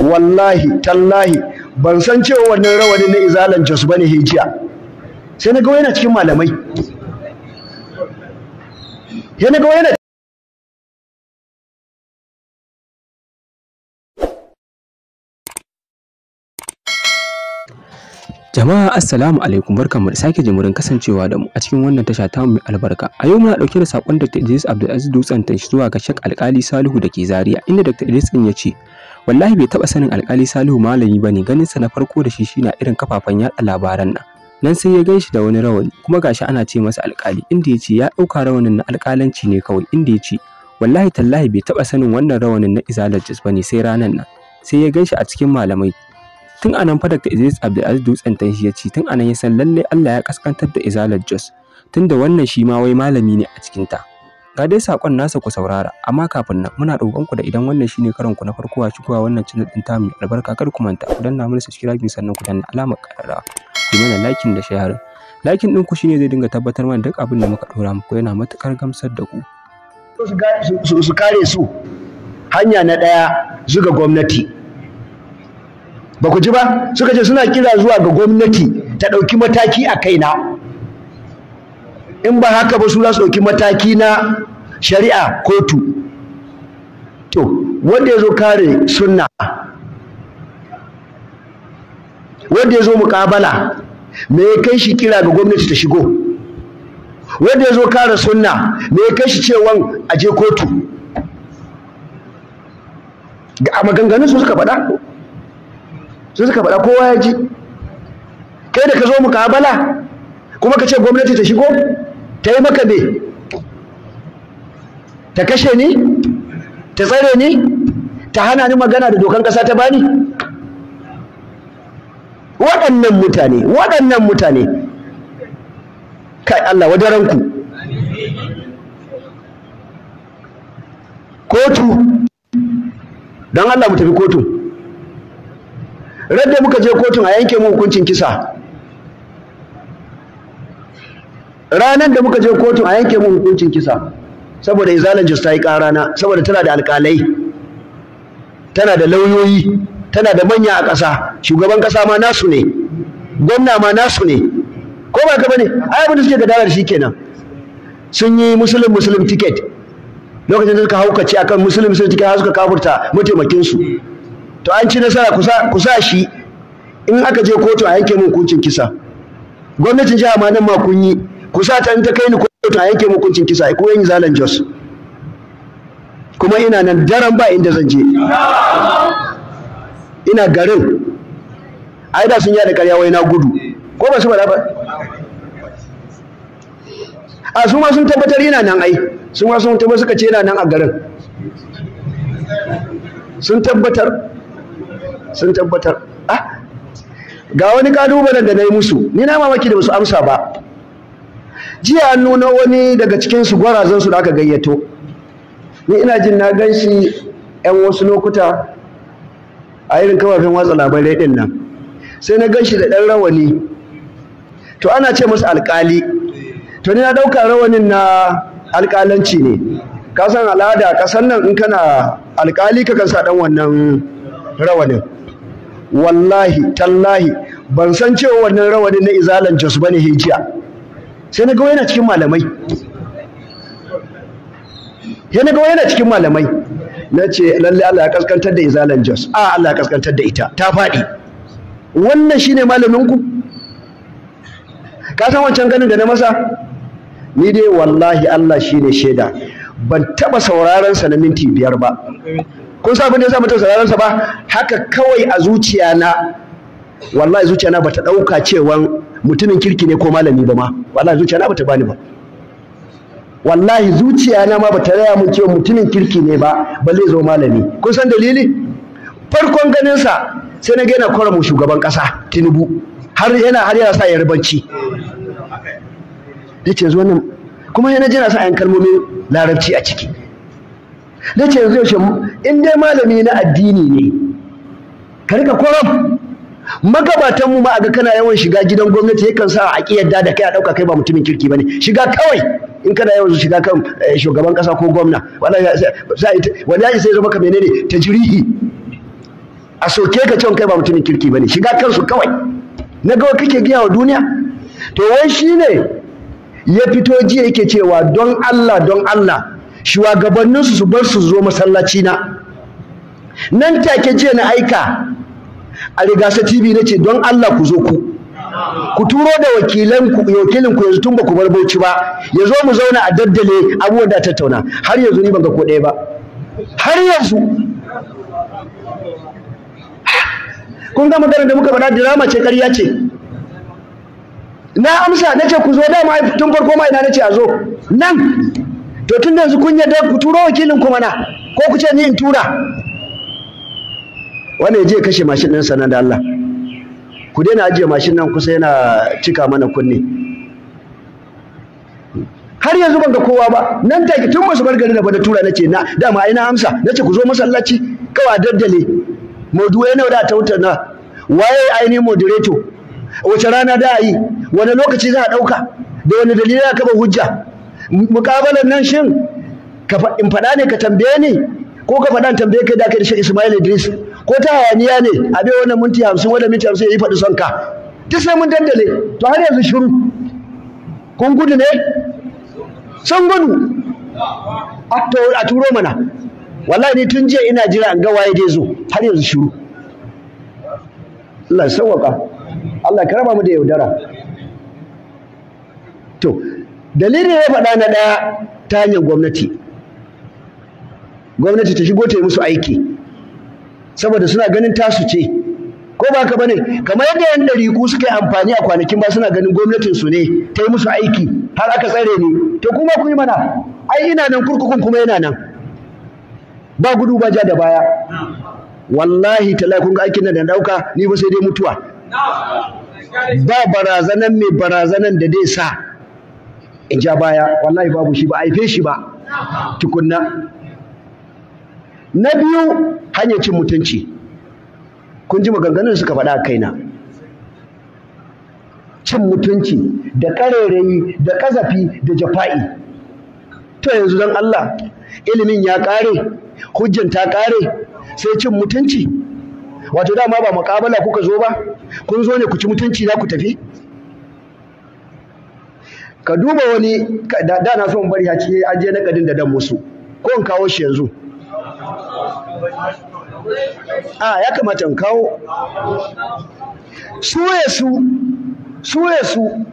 wallahi tallahi ban san cewa wannan rawani na izalan jos bane hijiya sai na ga yana cikin malamai yana ga yana Jama'a assalamu alaikum barkanmu da sake jimurin kasancewa da mu a cikin wannan tasha ta mai albarka. A yau muna dauke da sakon Dr. Idris Abdulaziz Dutsen ta zuwa ga Sheikh Alkali Salihu da ke Zaria inda Dr. Idris din ya ce wallahi bai taba sanin alƙali salihu malami ba ne sa na farko da shi shine irin kafafen yaɗa labaran nan nan sai ya gaishe da wani rawani kuma gashi ana ce masa alƙali inda ya ce ya ɗauka rawanin na alƙalanci ne kawai inda ya ce wallahi tallahi bai taba sanin wannan rawanin na izalar jis ba ne sai ranan nan sai ya gaishe a cikin malamai tun anan fa daga Idris Abdulaziz Dutsen shi ya ce tun anan ya san lalle Allah ya kaskantar da izalar Jos tunda wannan shi ma wai malami ne a cikin ta Ga dai sakon nasa ku saurara, amma kafin nan muna roƙon ku da idan wannan shine karon ku na farko a shigowa wannan channel din tamu albarka kar ku manta ku danna mana subscribe sannan ku danna alamar ƙararrawa. Ku mana like da share. Like din ku shine zai dinga tabbatar mana duk abin da muka dora muku yana matukar gamsar da ku. Su kare su hanya na ɗaya zuga gwamnati. ba ku ji ba suka ce suna kira zuwa ga gwamnati ta ɗauki mataki a kaina in ba haka ba su za su ɗauki mataki na shari'a kotu to wanda ya zo kare sunna wanda ya zo me ya kai shi kira ga gwamnati ta shigo wanda ya zo kare sunna me ya kai shi cewan aje kotu a maganganun su suka faɗa su suka faɗa kowa ya ji kai da ka zo muqabala kuma ka ce gwamnati ta shigo ta yi maka me ta kashe ni ta tsare ni ta hana ni magana da dokan ƙasa ta bani waɗannan mutane waɗannan mutane kai Allah wadaranku kotu don Allah mu tafi kotu radda muka je kotun a yanke mu hukuncin kisa ranar da muka je kotun a yanke mu hukuncin kisa saboda izalan jus ta yi ƙarana saboda tana da alƙalai tana da lauyoyi tana da manya a ƙasa shugaban ƙasa ma nasu ne gwamna ma nasu ne ko ba ka bane ai abin da suke gadara da shi kenan sun yi musulun musulun ticket lokacin da suka haukace akan musulun musulun ticket har suka kafurta mataimakin su to an ci nasara kusa kusa shi in aka je kotu a yanke min hukuncin kisa gwamnatin jiha ma nan ma kun yi kusa ta in ta kai ni ta yanke hukuncin kisa ko yin zalan jos kuma ina nan daren ba inda zan je ina garin ai da sun yada karya wai na gudu ko ba su ba ba a su ma sun tabbatar ina nan ai su ma sun tabbatar suka ce ina nan a garin sun tabbatar sun tabbatar ah ga wani kalubalen da na yi musu ni na mamaki da ba su amsa ba jiya an nuna wani daga cikin su gwarazan su da aka gayyato ni ina jin na ganshi shi yan wasu lokuta a irin kafafen watsa labarai ɗin nan sai na gan da ɗan rawani to ana ce masa alƙali to ni na ɗauka rawanin na alƙalanci ne ka san al'ada ƙasar nan in kana alƙali ka kan ɗan wannan rawanin wallahi tallahi ban san cewa wannan rawanin na izalan jos bane hijiya sai na ga yana cikin malamai ya na ga yana cikin malamai na ce lalle Allah ya kaskantar da izalan jos a Allah ya kaskantar da ita ta faɗi wannan shine malamin ku ka san wancan ganin da na masa ni dai wallahi Allah shine shaida ban taba sauraron sa na minti biyar ba kun sa abin da sa mutum sauraron sa ba haka kawai a zuciya na wallahi zuciya na bata dauka cewa mutumin kirki ne ko malami ba ma wallahi zuciya na bata bani ba wallahi zuciya na ma bata raya mun cewa mutumin kirki ne ba balle zo malami kun san dalili farkon ganin sa sai na ga yana kora mu shugaban kasa Tinubu har yana har yana sa ya rubanci yace yanzu wannan kuma yana jira sa ayan kalmomin larabci a ciki yace yanzu yaushe in dai malami na addini ne ka rika kwaram magabatan mu ma aga kana yawan shiga gidan gwamnati yakan sa a yadda da kai a dauka kai ba mutumin kirki bane shiga kawai in kana yawan shiga kan eh, shugaban kasa ko gwamna wallahi wallahi sai zo maka menene tajrihi a soke ka cewa kai ba mutumin kirki bane shiga kansu kawai na gawa kake giya wa duniya to wai shine ya fito jiya yake cewa don Allah don Allah shugabanninsu su bar su zo masallaci na nan take jiya na aika a rigasa tv na ce don allah ku zo ku ku turo da wakilan ku wakilin ku yanzu tun ba ku bar bauchi ba ya zo mu zauna a daddale abubuwan da tattauna har yanzu ni ban ga ko ɗaya ba har yanzu kun ga maganar da muka faɗa drama ce ƙarya ce na amsa na ce ku zo da ma tun farko ma ina na ce a zo nan to tun yanzu kun yarda ku turo wakilin ku mana ko ku ce ni in tura wanda ya je kashe mashin ɗinsa nan da Allah ku daina ajiye mashin nan kusa yana cika mana kunne har yanzu ban ga kowa ba nan take tun ba su bar gari da ba da tura nace na dama ai na amsa nace ku zo masallaci kawa daddale maudu'ai yana da na waye ainihin moderator wace rana da yi wani lokaci za a ɗauka da wani dalili za ba hujja mukabalan nan shin in faɗa ne ka tambaye ni ko ka faɗa tambaye kai da kai da Ismail Idris ko ta hayaniya ne a bai wannan minti hamsin wannan minti hamsin ya yi faɗi son ka duk sai mun dandale to har yanzu shiru kun gudu ne sun gudu a turo mana wallahi ni tun jiya ina jira an ga waye dai zo har yanzu shiru Allah ya sauwaka Allah ka raba mu da yaudara to dalilin ya faɗa na ɗaya ta hanyar gwamnati gwamnati ta shigo ta yi musu aiki saboda suna ganin tasu ce ko ba ka bane kamar yadda yan dariku suka yi amfani a kwanakin ba suna ganin gwamnatin su ne ta yi musu aiki har aka tsare ni to kuma ku yi mana ai ina nan kurkukun kuma yana nan ba gudu ba ja da baya wallahi ta kun ga aikin nan da dauka ni ba sai dai mutuwa ba barazanan mai barazanan da dai sa in ja baya wallahi babu shi ba aife shi ba tukunna na biyu hanyar cin mutunci kun ji maganganun suka faɗa na. cin mutunci da ƙarairayi da ƙazafi da jafa'i to yanzu don Allah ilimin ya ƙare hujjan ta ƙare sai cin mutunci wato dama ba muƙabala kuka zo ba kun zo ne ku ci mutunci na ku tafi ka duba wani da na son bari ya ce aje na ƙadin da dan musu ko in kawo shi yanzu a ya kamata in kawo suye su suye su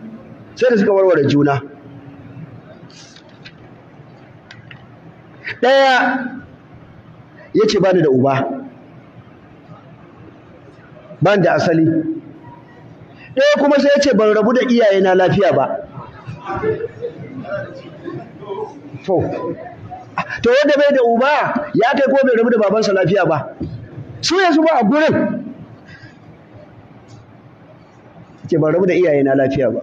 sai da suka warware juna ɗaya ya ce bani da uba bani da asali ɗaya kuma sai ya ce ban rabu da iyayena lafiya ba to wanda bai da uba ya kai ko bai rabu da babansa lafiya ba su yanzu ba a gurin ke ba rabu da na lafiya ba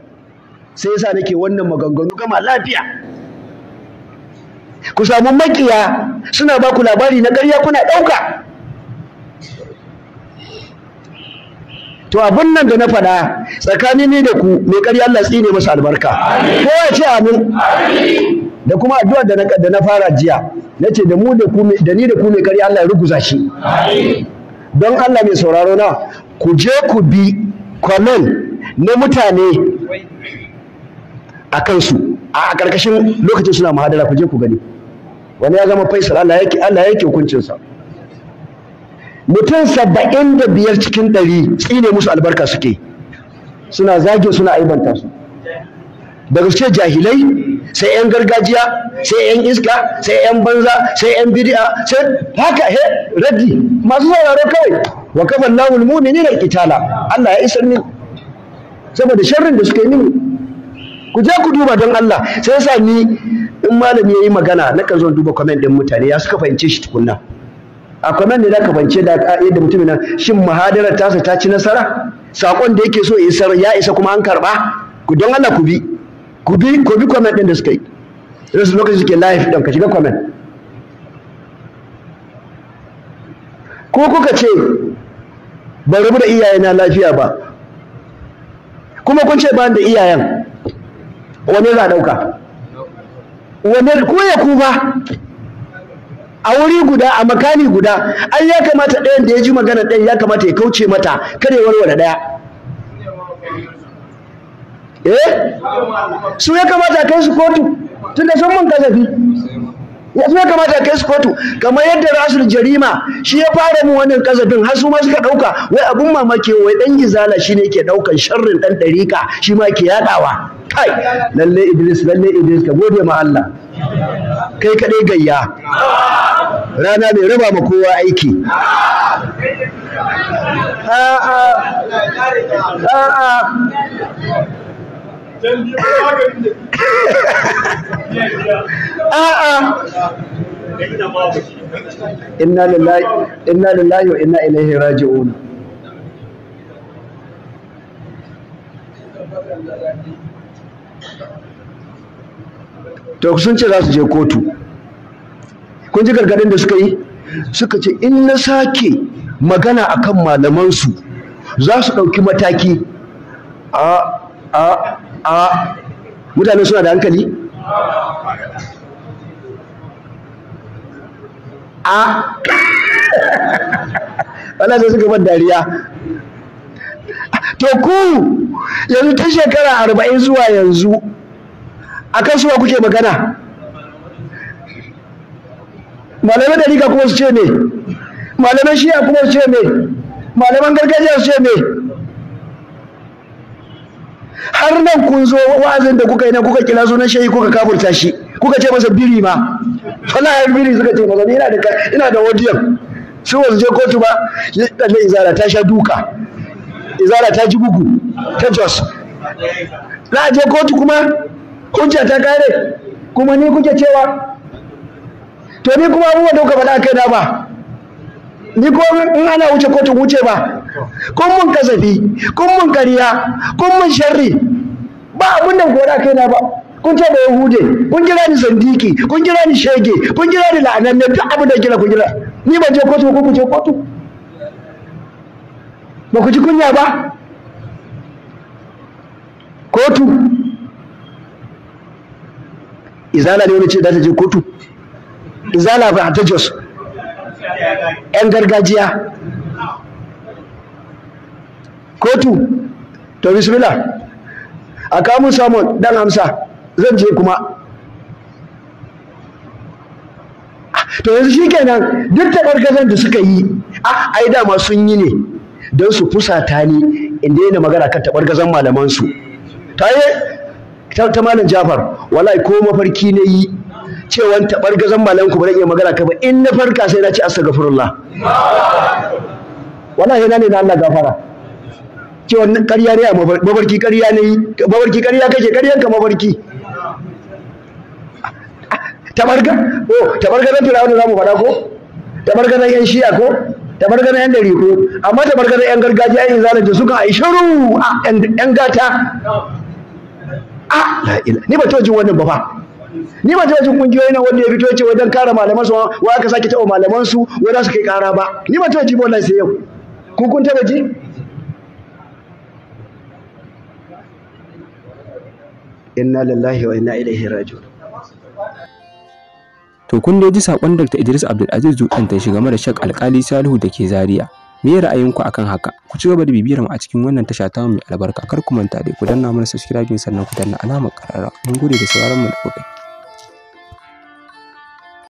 sai yasa nake wannan maganganu gama lafiya ku samu makiya suna ba ku labari na ƙarya kuna ɗauka to abin nan da na faɗa tsakanin ni da ku mai ƙarya Allah tsine masa albarka ko ya ce amin da kuma addu'ar da na da na fara jiya nace da mu da ku da ni da ku mai kari Allah ya ruguza shi don Allah mai sauraro na ku je ku bi kwanan na mutane a kansu a karkashin lokacin suna mahadara ku je ku gani wani ya zama faisal Allah yake Allah yake hukuncin sa mutum saba'in da biyar cikin ɗari tsine musu albarka suke suna zage suna aibanta su daga suke jahilai sai yan gargajiya sai yan iska sai yan banza sai yan bid'a sai haka he raddi masu sauraro kawai wa kafa lahul mu'minina alqitala Allah ya isar ni. saboda sharrin da suka yi mini ku je ku duba don Allah sai yasa ni in malami yayi magana na kan zo duba comment din mutane ya suka fahimce shi tukunna a comment ne ka fahimce da yadda mutumin nan shin muhadarar tasa ta ci nasara sakon da yake so ya isa kuma an karba ku don Allah ku bi ku bi ku bi comment din da suka yi su lokaci suke live don ka shiga comment ko kuka ce ban rabu da iyayena lafiya ba kuma kun ce ban da iyayen wani za a ɗauka wane ko ya ku ba a wuri guda a makani guda an ya kamata ɗayan da ya ji magana ɗayan ya kamata ya kauce mata kada ya warware ɗaya eh su ya kamata kai su kotu Tunda sun mun kasafi ya su ya kamata kai su kotu kamar yadda rasul jarima shi ya fara mu wannan kazafin har su ma suka dauka wai abun mamaki wai dan gizala shine yake daukan sharrin dan dariƙa shi ma ke yadawa kai lalle idris lalle idris ka gode ma Allah kai kadai gayya rana mai raba ma kowa aiki a'a a'a inna lillahi wa inna ilaihi raji'un to sun ce za su je kotu kun ji gargadin da suka yi suka ce in na sake magana akan malamansu za su ɗauki mataki a a mutane suna da hankali a wala sai suka bar dariya to ku yanzu tun shekara arba'in zuwa yanzu a kan suwa kuke magana da rika kuma su ce ne? malaman shiya kuma su ce ne? malamai gargajiya su ce ne? har nan kun zo wa'azin da kuka yi nan kuka kila sunan shehi kuka kafurta shi kuka ce masa biri ma wallahi biri suka ce masa ina da ina da wadiyan su wasu je kotu ba lalle izara ta sha duka izara ta ji bugu ta jos za je kotu kuma hujja ta kare kuma ni kuke cewa to ni kuma abubuwan da kuka faɗa kai na ba ni ko in ana wuce kotun wuce ba kun mun kasafi kun mun kariya kun mun sharri ba abun da gora kai na ba kun ce da yahude kun kira ni sandiki, kun kira ni shege kun kira ni la'ananne duk abin da kira kun kira ni ban je kotu ko kun je kotu ba ku ji kunya ba kotu izala ne wani ce da ta je kotu izala ba ta jos 'yan gargajiya kotu to bismillah a kamun samun dan hamsa zan je kuma to yanzu shi kenan duk da gargazan da suka yi a ai dama sun yi ne don su fusata ni in daina magana kan taɓargazan malamansu ta yi ta malam jafar wallahi ko mafarki na yi cewan tabar gazan malamin ku ba zan iya magana ka ba in na farka sai na ce astagfirullah wallahi yana ne na Allah gafara cewa ƙarya ne mabarki ƙarya ne mabarki ƙarya kake ƙaryan ka mabarki tabarga oh tabarga nan firawun da mu faɗa ko tabarga nan yan shiya ko tabarga nan yan dari ko amma tabarga nan yan gargajiya yan zalunci suka ai shiru a ah, yan gata a ah, la ila ni ba to ji wannan ba fa ni ba ta jin kungiyoyi nan wanda ya fito ce wajen kare malaman su wa aka sake taɓa malaman su wai za su kai kara ba ni ba ta ji ba sai yau kun kun taɓa ji inna lillahi wa inna ilaihi raji'un to kun dai ji sakon Dr. Idris Aziz Dukan ta shiga mara shak alkali Salihu da ke Zaria me ya ra'ayinku akan haka ku ci gaba da bibiyar mu a cikin wannan tasha ta mu mai albarka kar ku manta dai ku danna mana subscribe sannan ku danna alamar karara mun gode da sauraron mu da kuka